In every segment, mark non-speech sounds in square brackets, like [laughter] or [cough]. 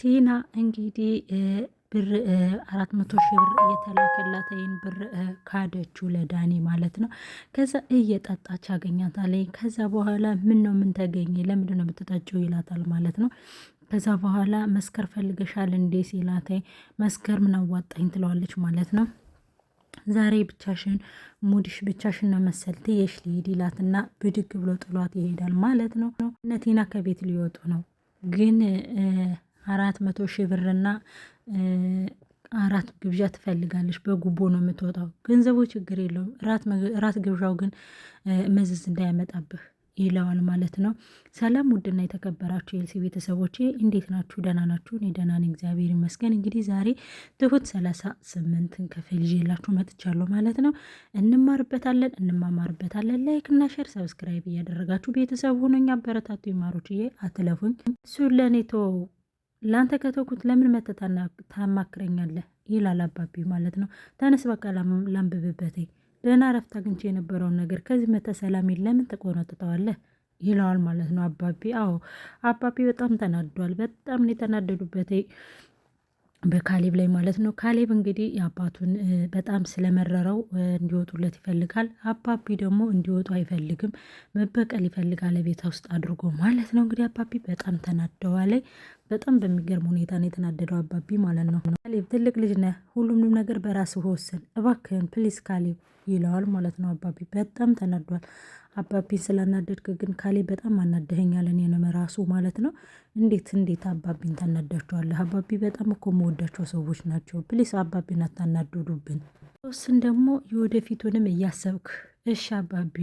ቲና እንግዲህ ብር አራት መቶ ሺህ ብር እየተላከላትን ብር ካደችው ለዳኒ ማለት ነው። ከዛ እየጠጣች ያገኛታለኝ። ከዛ በኋላ ምን ነው ምን ተገኘ ለምንድን ነው የምትጠጪው ይላታል ማለት ነው። ከዛ በኋላ መስከር ፈልገሻል እንዴ ሲላታይ መስከር ምን አዋጣኝ ትለዋለች ማለት ነው። ዛሬ ብቻሽን ሙድሽ ብቻሽን ነው መሰል ትየሽ ሊሄድ ይላትና ብድግ ብሎ ጥሏት ይሄዳል ማለት ነው። እነ ቲና ከቤት ሊወጡ ነው ግን አራት መቶ ሺህ ብርና አራት ግብዣ ትፈልጋለች። በጉቦ ነው የምትወጣው። ገንዘቡ ችግር የለውም፣ እራት ግብዣው ግን መዘዝ እንዳያመጣብህ ይለዋል ማለት ነው። ሰላም ውድና የተከበራችሁ የኤልሲ ቤተሰቦች እንዴት ናችሁ? ደህና ናችሁ? እኔ ደህና ነኝ፣ እግዚአብሔር ይመስገን። እንግዲህ ዛሬ ትሁት ሰላሳ ስምንትን ክፍል ይዤላችሁ መጥቻለሁ ማለት ነው። እንማርበታለን፣ እንማማርበታለን። ላይክ እና ሼር፣ ሰብስክራይብ እያደረጋችሁ ቤተሰብ ሁኑኝ፣ አበረታቱ። ይማሮችዬ አትለፉኝ። እሱን ለእኔ ተወው ለአንተ ከተውኩት ለምን መተታና ታማክረኛለህ? ይላል አባቢ ማለት ነው። ተነስ በቃ ላንብብበት። ደህና እረፍት አግኝቼ የነበረውን ነገር ከዚህ መተህ ሰላሜን ለምን ተቆናጥጠዋለህ? ይለዋል ማለት ነው አባቢ። አዎ አባቢ በጣም ተናዷል። በጣም ነው የተናደዱበት በካሌብ ላይ ማለት ነው። ካሌብ እንግዲህ የአባቱን በጣም ስለመረረው እንዲወጡለት ይፈልጋል። አባቢ ደግሞ እንዲወጡ አይፈልግም፣ መበቀል ይፈልጋል ቤታ ውስጥ አድርጎ ማለት ነው። እንግዲህ አባቢ በጣም ላይ በጣም በሚገርም ሁኔታ ነው የተናደደው አባቢ ማለት ነው። ካሌብ ትልቅ ልጅ ነህ፣ ሁሉንም ነገር በራስህ ወስን እባክህን ፕሊስ ካሌብ ይለዋል ማለት ነው። አባቢ በጣም ተናዷል። አባቢን ስላናደድክ ግን ካሌብ በጣም አናደኸኛል፣ እኔንም ራሱ ማለት ነው። እንዴት እንዴት አባቢን ታናዳቸዋለህ? አባቢ በጣም እኮ መወዳቸው ሰዎች ናቸው። ፕሊስ አባቢን አታናድዱብን። ሶስን ደግሞ የወደፊቱንም እያሰብክ እሺ አባቢ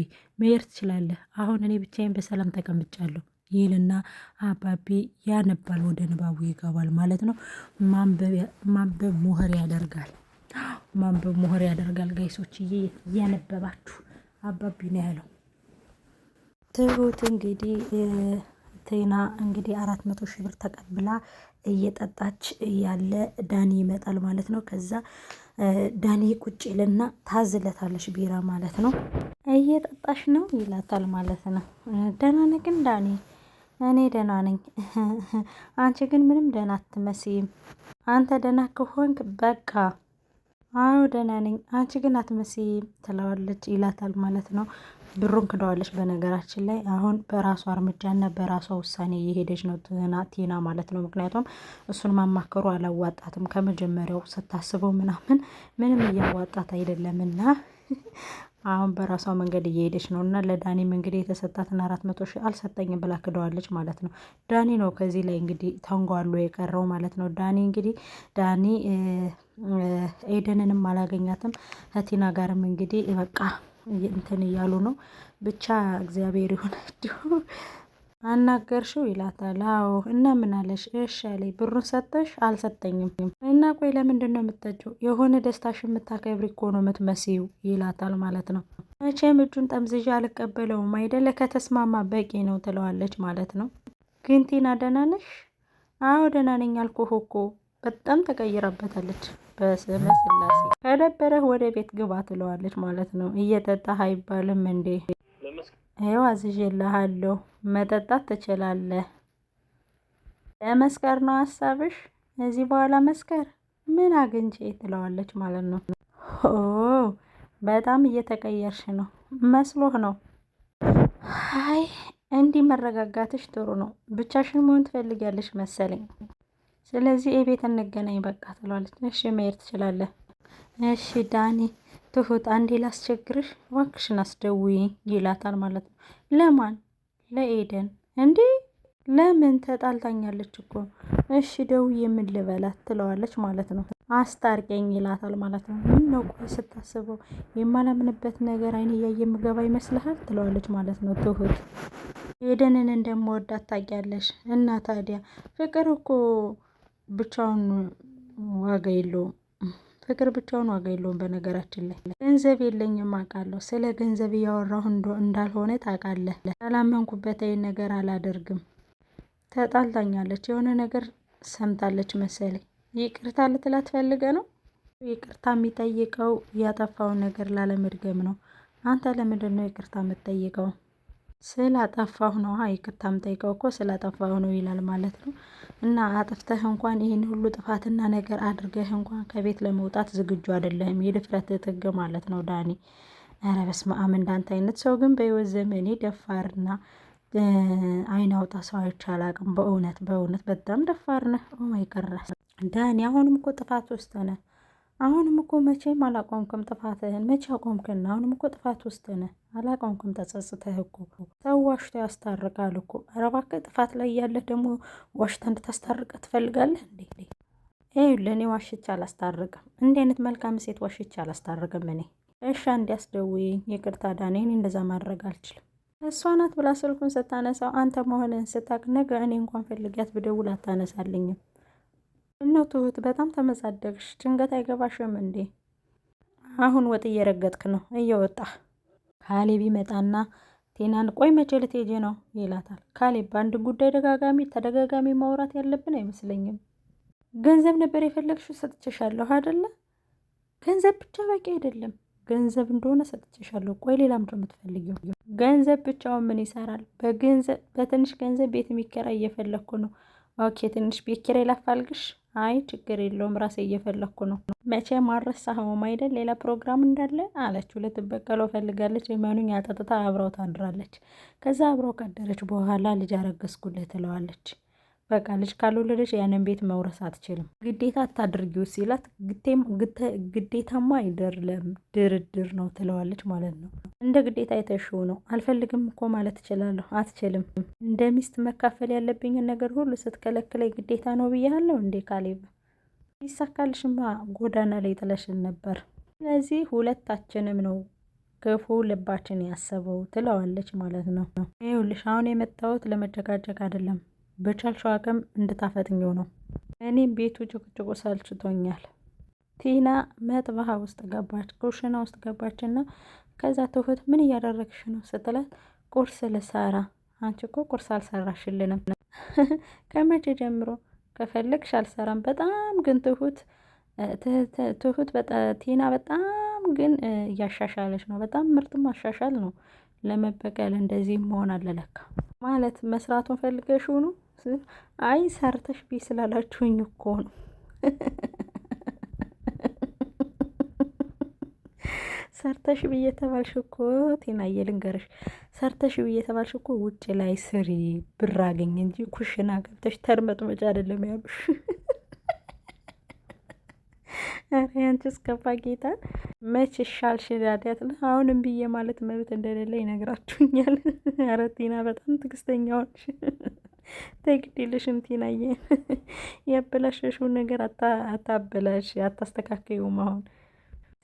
መሄድ ትችላለህ። አሁን እኔ ብቻዬን በሰላም ተቀምጫለሁ። ይልና አባቤ ያነባል፣ ወደ ንባቡ ይገባል ማለት ነው። ማንበብ ሞህር ያደርጋል። ማንበብ ሞህር ያደርጋል። ጋይሶችዬ እያነበባችሁ አባቢ ነው ያለው። ትሁት እንግዲህ ቴና እንግዲህ አራት መቶ ሺህ ብር ተቀብላ እየጠጣች ያለ ዳኒ ይመጣል ማለት ነው። ከዛ ዳኒ ቁጭ ይልና ታዝለታለች ቢራ ማለት ነው። እየጠጣሽ ነው ይላታል ማለት ነው። ደህና ነህ ግን ዳኒ እኔ ደህና ነኝ። [laughs] አንቺ ግን ምንም ደህና አትመስይም። አንተ ደህና ከሆንክ በቃ አዎ ደህና ነኝ፣ አንቺ ግን አትመስይም ትለዋለች፣ ይላታል ማለት ነው። ብሩን ክደዋለች። በነገራችን ላይ አሁን በራሷ እርምጃና በራሷ ውሳኔ እየሄደች ነው ቲና ማለት ነው። ምክንያቱም እሱን ማማከሩ አላዋጣትም። ከመጀመሪያው ስታስበው ምናምን ምንም እያዋጣት አይደለምና [laughs] አሁን በራሷ መንገድ እየሄደች ነው እና ለዳኒ እንግዲህ የተሰጣትን አራት መቶ ሺህ አልሰጠኝም ብላ ክደዋለች ማለት ነው። ዳኒ ነው ከዚህ ላይ እንግዲህ ተንጓሎ የቀረው ማለት ነው። ዳኒ እንግዲህ ዳኒ ኤደንንም አላገኛትም ከቲና ጋርም እንግዲህ በቃ እንትን እያሉ ነው ብቻ እግዚአብሔር ይሁን አናገርሽው ይላታል። አዎ እና ምን አለሽ? እሺ አለኝ። ብሩን ሰጠሽ? አልሰጠኝም። እና ቆይ ለምንድን ነው የምትጠጪው? የሆነ ደስታሽ የምታከብሪ እኮ ነው የምትመስዩ ይላታል ማለት ነው። መቼም እጁን ጠምዝዣ አልቀበለውም አይደለ? ከተስማማ በቂ ነው ትለዋለች ማለት ነው። ግን ቲና ደህና ነሽ? አዎ ደህና ነኝ አልኩህ እኮ በጣም ተቀይራበታለች። በስመ ስላሴ ከደበረህ ወደ ቤት ግባ ትለዋለች ማለት ነው። እየጠጣህ አይባልም እንዴ? ይኸው አዝዤልሃለሁ መጠጣት ትችላለህ። ለመስከር ነው ሀሳብሽ? እዚህ በኋላ መስከር ምን አግኝቼ ትለዋለች ማለት ነው። ኦ በጣም እየተቀየርሽ ነው መስሎህ ነው። አይ እንዲህ መረጋጋትሽ ጥሩ ነው። ብቻሽን መሆን ትፈልጊያለሽ መሰለኝ። ስለዚህ የቤት እንገናኝ በቃ ትለዋለች። እሺ መሄድ ትችላለህ። እሺ ዳኒ ትሁት አንዴ ላስቸግርሽ እባክሽን አስደውይ ይላታል ማለት ነው። ለማን ለኤደን እንዴ ለምን ተጣልታኛለች እኮ እሺ ደውዬ ምን ልበላት ትለዋለች ማለት ነው። አስታርቀኝ ይላታል ማለት ነው። ምን ነው ቆይ ስታስበው የማላምንበት ነገር አይን እያየ የምገባ ይመስልሃል ትለዋለች ማለት ነው። ትሁት ኤደንን እንደምወዳት ታውቂያለሽ እና ታዲያ ፍቅር እኮ ብቻውን ዋጋ የለውም ፍቅር ብቻውን ዋጋ የለውም። በነገራችን ላይ ገንዘብ የለኝም አውቃለሁ። ስለ ገንዘብ እያወራሁ እንዳልሆነ ታውቃለህ። ያላመንኩበት ነገር አላደርግም። ተጣልታኛለች። የሆነ ነገር ሰምታለች መሰለኝ። ይቅርታ ልትላት ፈልገ ነው። ይቅርታ የሚጠይቀው ያጠፋውን ነገር ላለመድገም ነው። አንተ ለምንድን ነው ይቅርታ የምትጠይቀው? ስላጠፋሁ ነው ይቅርታም ጠይቀው እኮ ስላጠፋሁ ነው ይላል ማለት ነው። እና አጥፍተህ እንኳን ይህን ሁሉ ጥፋትና ነገር አድርገህ እንኳን ከቤት ለመውጣት ዝግጁ አይደለህም። የድፍረት ጥግ ማለት ነው ዳኒ። ኧረ በስመ አብ! እንዳንተ አይነት ሰው ግን በህይወት ዘመኔ ደፋርና አይን አውጣ ሰው አይቼ አላቅም። በእውነት በእውነት በጣም ደፋር ነህ። ኦማይ ገረስ ዳኒ፣ አሁንም እኮ ጥፋት ውስጥ ነህ። አሁንም እኮ መቼም አላቆምክም ጥፋትህን። መቼ አቆምክን? አሁንም እኮ ጥፋት ውስጥ ነህ። አላቀንኩም ተጸጽተህ እኮ ሰው ዋሽቶ ያስታርቃል እኮ። ኧረ እባክህ ጥፋት ላይ ያለህ ደግሞ ዋሽታ እንድታስታርቀ ትፈልጋለህ እንዴ? ይኸውልህ እኔ ዋሽቼ አላስታርቅም። እንዲህ አይነት መልካም ሴት ዋሽቼ አላስታርቅም እኔ። እሺ እንዲያስደውይኝ ይቅርታ ዳኔ፣ እንደዛ ማድረግ አልችልም። እሷ ናት ብላ ስልኩን ስታነሳው አንተ መሆንህን ስታቅ ነገ እኔ እንኳን ፈልጊያት ብደውል አታነሳልኝም። እነው ትሁት በጣም ተመጻደቅሽ። ጭንቀት አይገባሽም እንዴ? አሁን ወጥ እየረገጥክ ነው እየወጣህ ካሌብ ይመጣና ቴናን ቆይ መቼ ልትሄጂ ነው ይላታል። ካሌብ በአንድ ጉዳይ ደጋጋሚ ተደጋጋሚ ማውራት ያለብን አይመስለኝም። ገንዘብ ነበር የፈለግሽው ሰጥቼሻለሁ አይደለ? ገንዘብ ብቻ በቂ አይደለም። ገንዘብ እንደሆነ ሰጥቼሻለሁ። ቆይ ሌላ ምድር የምትፈልጊው? ገንዘብ ብቻውን ምን ይሰራል? በትንሽ ገንዘብ ቤት የሚከራይ እየፈለግኩ ነው። ኦኬ ትንሽ ቤት ኪራይ ላፋልግሽ አይ ችግር የለውም ራሴ እየፈለግኩ ነው። መቼ ማረሳኸውም አይደል ሌላ ፕሮግራም እንዳለ አለችው። ልትበቀለው ፈልጋለች። እመኑኝ አጠጥታ አብረው ታድራለች። ከዛ አብረው ካደረች በኋላ ልጅ አረገዝኩልህ ትለዋለች። በቃ ልጅ ካልወለደች ያንን ቤት መውረስ አትችልም፣ ግዴታ አታድርጊው ሲላት ግዴታማ አይደለም ድርድር ነው ትለዋለች ማለት ነው። እንደ ግዴታ የተሽው ነው። አልፈልግም እኮ ማለት እችላለሁ። አትችልም። እንደ ሚስት መካፈል ያለብኝን ነገር ሁሉ ስትከለክለኝ ግዴታ ነው ብያለሁ እንዴ ካሌብ? ይሳካልሽማ ጎዳና ላይ ጥለሽን ነበር። ስለዚህ ሁለታችንም ነው ክፉ ልባችን ያሰበው ትለዋለች ማለት ነው። ይኸውልሽ አሁን የመጣሁት ለመጨቃጨቅ አይደለም በቻልሽው አቅም እንድታፈጥኝው ነው። እኔም ቤቱ ጭቅጭቁ ሰልችቶኛል። ቲና መጥበሃ ውስጥ ገባች፣ ኩሽና ውስጥ ገባችና ከዛ ትሁት ምን እያደረግሽ ነው ስትላት ቁርስ ልሰራ። አንቺ እኮ ቁርስ አልሰራሽልንም። [laughs] ከመቼ ጀምሮ ከፈለግሽ አልሰራም። በጣም ግን ትሁት ትሁት ቲና በጣም ግን እያሻሻለች ነው። በጣም ምርጥ ማሻሻል ነው። ለመበቀል እንደዚህ መሆን አለለካ ማለት መስራቱን ፈልገሽ ነው። አይ ሰርተሽ ቢ ስላላችሁኝ እኮ ነው። ሰርተሽ ብዬ የተባልሽ እኮ ቴናዬ ልንገርሽ፣ ሰርተሽ ብዬ የተባልሽ እኮ ውጭ ላይ ስሪ ብር አገኝ እንጂ ኩሽና ገብተሽ ተርመጥ መጫ አይደለም ያሉሽ። ኧረ ያንቺ እስከፋ ጌታ መች ይሻል ሽዳዲያት ነው። አሁንም ብዬ ማለት መብት እንደሌለ ይነግራችሁኛል። ኧረ ቴና በጣም ትዕግስተኛዎች ተግድ እንቲናየ ቲናዬ፣ [laughs] ያበላሸሽው ነገር አታበላሽ፣ አታስተካከዩም። አሁን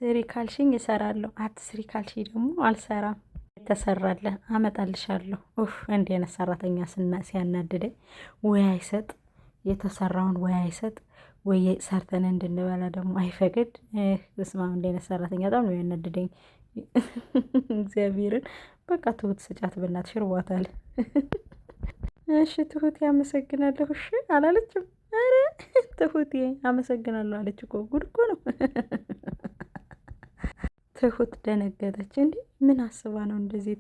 ስሪ ካልሽኝ እሰራለሁ፣ አትስሪ ካልሽ ደግሞ አልሰራም። ተሰራለ አመጣልሻለሁ። ኡፍ እንዴ አይነት ሰራተኛ ሲያናድደኝ፣ ወይ አይሰጥ የተሰራውን ወይ አይሰጥ ወይ ሰርተን እንድንበላ ደግሞ አይፈቅድ። ስማም እንዴ አይነት ሰራተኛ በጣም ነው ያናድደኝ። [laughs] እግዚአብሔርን በቃ ትውት ስጫት በእናትሽ ርቧታል። [laughs] እሺ ትሁቴ አመሰግናለሁ። እሺ አላለችም። ኧረ ትሁቴ አመሰግናለሁ አለች እኮ። ጉድ እኮ ነው። ትሁት ደነገጠች። እንዲህ ምን አስባ ነው እንደዚህ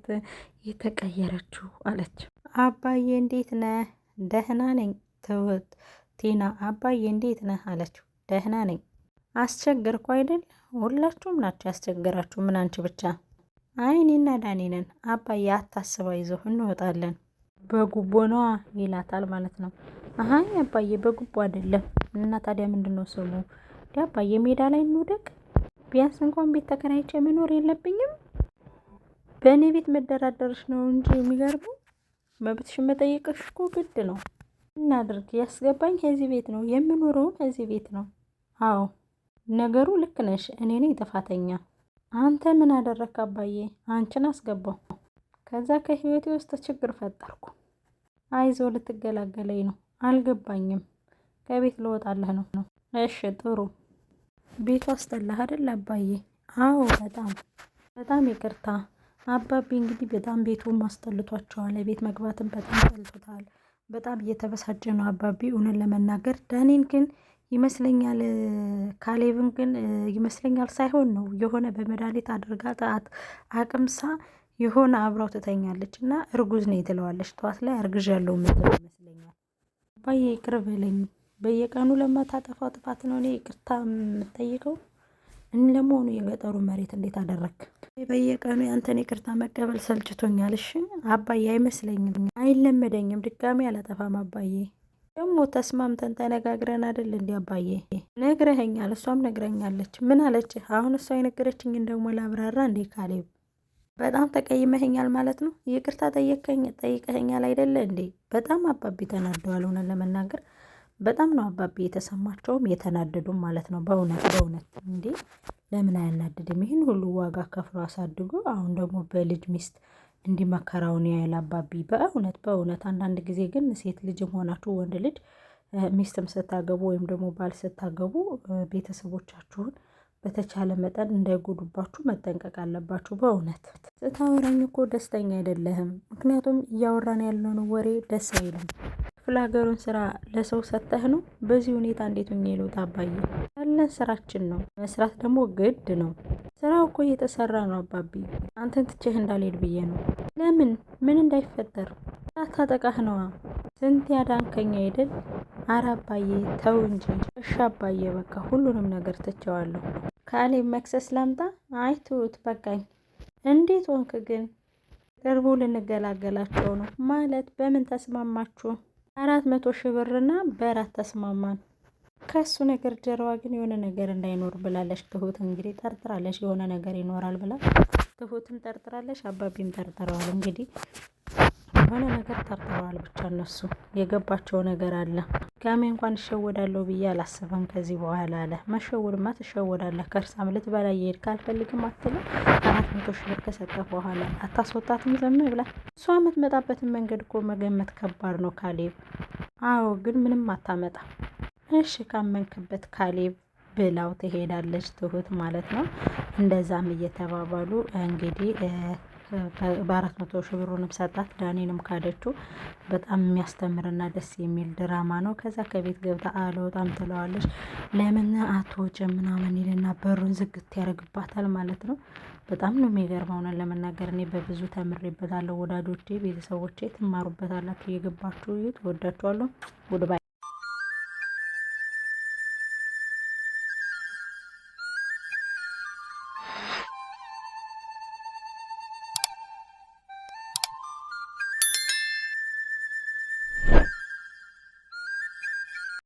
የተቀየረችው? አለች። አባዬ እንዴት ነህ? ደህና ነኝ ትሁት። ቲና አባዬ እንዴት ነህ? አለችው። ደህና ነኝ። አስቸገርኩ አይደል? ሁላችሁም ናቸው ያስቸገራችሁ። ምን አንቺ ብቻ? አይ እኔና ዳኒ ነን አባዬ። አታስባ፣ ይዞ እንወጣለን በጉቦ ነው ይላታል ማለት ነው። አሀኝ አባዬ በጉቦ አይደለም እና ታዲያ ምንድን ነው ስሙ? አባዬ ሜዳ ላይ እንውደቅ? ቢያንስ እንኳን ቤት ተከራይቼ መኖር የለብኝም? በእኔ ቤት መደራደርሽ ነው እንጂ የሚገርመው መብትሽን መጠየቅሽ እኮ ግድ ነው። እናድርግ ያስገባኝ ከዚህ ቤት ነው የምኖረውም ከዚህ ቤት ነው። አዎ ነገሩ ልክ ነሽ፣ እኔ ነኝ ጥፋተኛ። አንተ ምን አደረግክ አባዬ? አንቺን አስገባው ከዛ ከህይወቴ ውስጥ ችግር ፈጠርኩ። አይዞ ልትገላገለኝ ነው። አልገባኝም። ከቤት ልወጣለህ ነው ነው። እሺ ጥሩ። ቤቱ አስጠላህ አይደል አባዬ? አዎ በጣም በጣም ይቅርታ አባቤ። እንግዲህ በጣም ቤቱም አስጠልቷቸዋል። ቤት መግባትን በጣም ጠልቶታል። በጣም እየተበሳጨ ነው አባቤ እውነን ለመናገር ዳኔን ግን ይመስለኛል ካሌብን ግን ይመስለኛል ሳይሆን ነው የሆነ በመድኃኒት አድርጋ ጣት አቅምሳ የሆነ አብራው ትተኛለች እና እርጉዝ ነኝ ትለዋለች። ጠዋት ላይ አርግዣለሁ ምድር ይመስለኛል። አባዬ ይቅር በለኝ፣ በየቀኑ ለማታጠፋው ጥፋት ነው እኔ ይቅርታ የምጠይቀው። እኔ ለመሆኑ የገጠሩ መሬት እንዴት አደረግ? በየቀኑ ያንተን ይቅርታ መቀበል ሰልችቶኛል። እሺ አባዬ፣ አይመስለኝም፣ አይለመደኝም። ድጋሜ አላጠፋም አባዬ። ደግሞ ተስማምተን ተነጋግረን አይደል እንዲ አባዬ? ነግረኸኛል፣ እሷም ነግረኛለች። ምን አለች? አሁን እሷ የነገረችኝን ደግሞ ላብራራ እንዴ ካሌብ በጣም ተቀይመህኛል ማለት ነው። ይቅርታ ጠየቀኝ ጠይቀኸኛል አይደለ እንዴ? በጣም አባቢ ተናደዋል። ሆነን ለመናገር በጣም ነው አባቢ የተሰማቸውም የተናደዱም ማለት ነው። በእውነት በእውነት እንዴ ለምን አያናድድም? ይህን ሁሉ ዋጋ ከፍሎ አሳድጎ አሁን ደግሞ በልጅ ሚስት እንዲመከራውን መከራውን አባቢ። በእውነት በእውነት አንዳንድ ጊዜ ግን ሴት ልጅም ሆናችሁ ወንድ ልጅ ሚስትም ስታገቡ ወይም ደግሞ ባል ስታገቡ ቤተሰቦቻችሁን በተቻለ መጠን እንዳይጎዱባችሁ መጠንቀቅ አለባችሁ። በእውነት ስታወራኝ እኮ ደስተኛ አይደለህም። ምክንያቱም እያወራን ያለውን ወሬ ደስ አይልም። ክፍለ ሀገሩን ስራ ለሰው ሰጠህ ነው። በዚህ ሁኔታ እንዴት ሆኜ አባዬ? ያለን ስራችን ነው፣ መስራት ደግሞ ግድ ነው። ስራው እኮ እየተሰራ ነው አባቢ። አንተን ትቼህ እንዳልሄድ ብዬ ነው። ለምን ምን እንዳይፈጠር ታጠቃህ ነዋ። ስንት ያዳንከኝ አይደል? አረ አባዬ ተው እንጂ። እሺ አባዬ በቃ ሁሉንም ነገር ትቼዋለሁ። ከአሌም መክሰስ ላምጣ? አይ ትሁት በቃኝ። እንዴት ሆንክ ግን? ቅርቡ ልንገላገላቸው ነው ማለት በምን ተስማማችሁ? አራት መቶ ሺህ ብርና በራት ተስማማን። ከሱ ነገር ጀርባ ግን የሆነ ነገር እንዳይኖር ብላለች ትሁት። እንግዲህ ጠርጥራለች፣ የሆነ ነገር ይኖራል ብላ ትሁትም ጠርጥራለች፣ አባቢም ጠርጥረዋል እንግዲህ የሆነ ነገር ጠርጥረዋል። ብቻ እነሱ የገባቸው ነገር አለ። ጋሜ እንኳን እሸወዳለሁ ብዬ አላስብም ከዚህ በኋላ አለ። መሸወድማ ትሸወዳለህ። ከእርሳም ልትበላ እየሄድክ አልፈልግም አትልም። አራት መቶ ሺህ ብር ከሰጠ በኋላ አታስወጣትም ዘም ብላ። እሷ የምትመጣበትን መንገድ እኮ መገመት ከባድ ነው ካሌብ። አዎ ግን ምንም አታመጣ። እሺ ካመንክበት ካሌብ ብላው ትሄዳለች። ትሁት ማለት ነው። እንደዛም እየተባባሉ እንግዲህ በአራት መቶ ሺህ ብሩንም ሰጣት። ዳኒንም ካደችው። በጣም የሚያስተምርና ደስ የሚል ድራማ ነው። ከዛ ከቤት ገብታ አልወጣም ትለዋለች። ለምን አትወጭም ምናምን ይልና በሩን ዝግት ያደርግባታል ማለት ነው። በጣም ነው የሚገርመው። ነው ለመናገር እኔ በብዙ ተምሬበታለሁ። ወዳጆቼ፣ ቤተሰቦቼ ትማሩበታላችሁ። የገባችሁ ይዩት። ወዳችኋለሁ። ጉድባይ